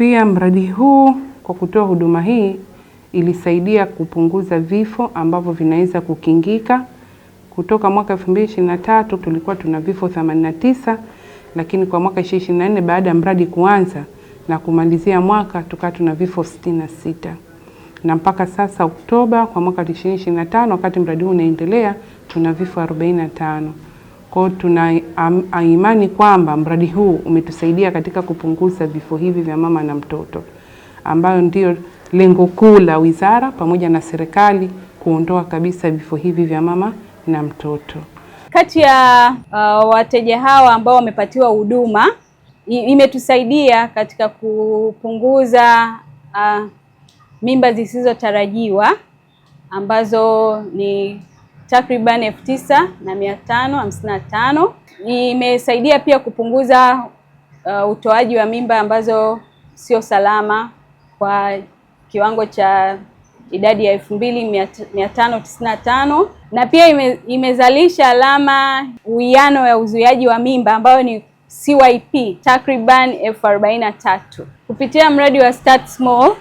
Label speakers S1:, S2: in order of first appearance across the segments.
S1: Pia mradi huu kwa kutoa huduma hii ilisaidia kupunguza vifo ambavyo vinaweza kukingika. Kutoka mwaka 2023 tulikuwa tuna vifo 89, lakini kwa mwaka 2024 baada ya mradi kuanza na kumalizia mwaka tukawa tuna vifo 66 na mpaka sasa Oktoba kwa mwaka 2025 wakati mradi huu unaendelea tuna vifo 45. Kwa tuna am, imani kwamba mradi huu umetusaidia katika kupunguza vifo hivi vya mama na mtoto, ambayo ndio lengo kuu la wizara pamoja na serikali kuondoa kabisa vifo hivi vya mama na mtoto.
S2: Kati ya uh, wateja hawa ambao wamepatiwa huduma imetusaidia katika kupunguza uh, mimba zisizotarajiwa ambazo ni takriban elfu tisa na mia tano hamsini na tano. Imesaidia pia kupunguza uh, utoaji wa mimba ambazo sio salama kwa kiwango cha idadi ya elfu mbili mia tano tisini na tano na pia ime, imezalisha alama uwiano ya uzuiaji wa mimba ambayo ni CYP takriban elfu arobaini na tatu. Kupitia mradi wa Start Small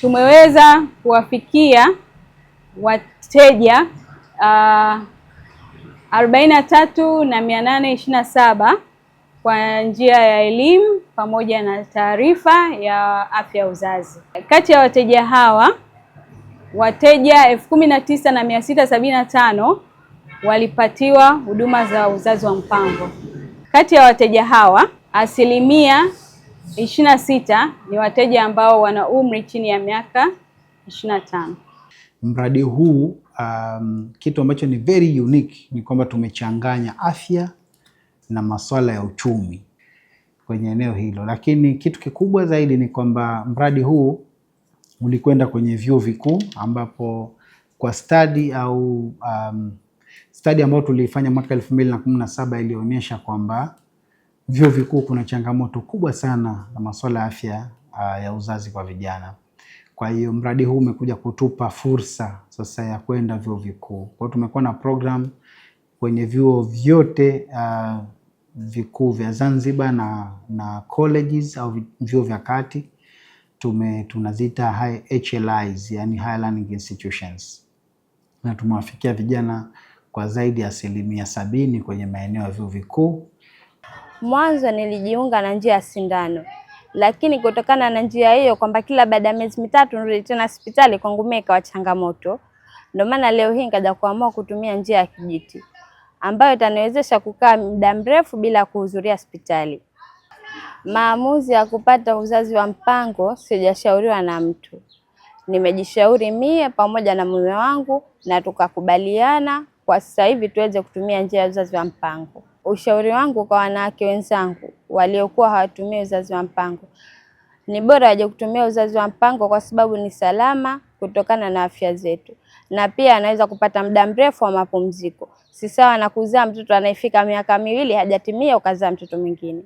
S2: tumeweza kuwafikia wateja Ah, arobaini na tatu na mia nane ishirini na saba kwa njia ya elimu pamoja na taarifa ya afya ya uzazi. Kati ya wateja hawa wateja elfu kumi na tisa na mia sita sabini na tano walipatiwa huduma za uzazi wa mpango. Kati ya wateja hawa asilimia ishirini na sita ni wateja ambao wana umri chini ya miaka ishirini na tano.
S3: Mradi huu um, kitu ambacho ni very unique ni kwamba tumechanganya afya na masuala ya uchumi kwenye eneo hilo, lakini kitu kikubwa zaidi ni kwamba mradi huu ulikwenda kwenye vyuo vikuu ambapo kwa stadi au um, stadi ambayo tuliifanya mwaka elfu mbili na kumi na saba ilionyesha kwamba vyuo vikuu kuna changamoto kubwa sana na masuala ya afya uh, ya uzazi kwa vijana. Kwa hiyo mradi huu umekuja kutupa fursa sasa ya kwenda vyuo vikuu. Kwa hiyo tumekuwa na program kwenye vyuo vyote uh, vikuu vya Zanzibar na, na colleges au vyuo vya kati tume tunaziita HLIs, yani higher learning institutions, na tumewafikia vijana kwa zaidi ya asilimia sabini kwenye maeneo ya vyuo vikuu.
S4: Mwanzo nilijiunga na njia ya sindano lakini kutokana na njia hiyo kwamba kila baada ya miezi mitatu nirudi tena hospitali kwangu mimi ikawa changamoto. Ndio maana leo hii nikaja kuamua kutumia njia ya kijiti ambayo itaniwezesha kukaa muda mrefu bila kuhudhuria hospitali. Maamuzi ya kupata uzazi wa mpango sijashauriwa na mtu, nimejishauri mie pamoja na mume wangu na tukakubaliana kwa sasa hivi tuweze kutumia njia ya uzazi wa mpango. Ushauri wangu kwa wanawake wenzangu waliokuwa hawatumii uzazi wa mpango. Ni bora waje kutumia uzazi wa mpango kwa sababu ni salama kutokana na afya zetu, na pia anaweza kupata muda mrefu wa mapumziko. Si sawa na kuzaa mtoto anayefika miaka miwili hajatimia ukazaa mtoto mwingine.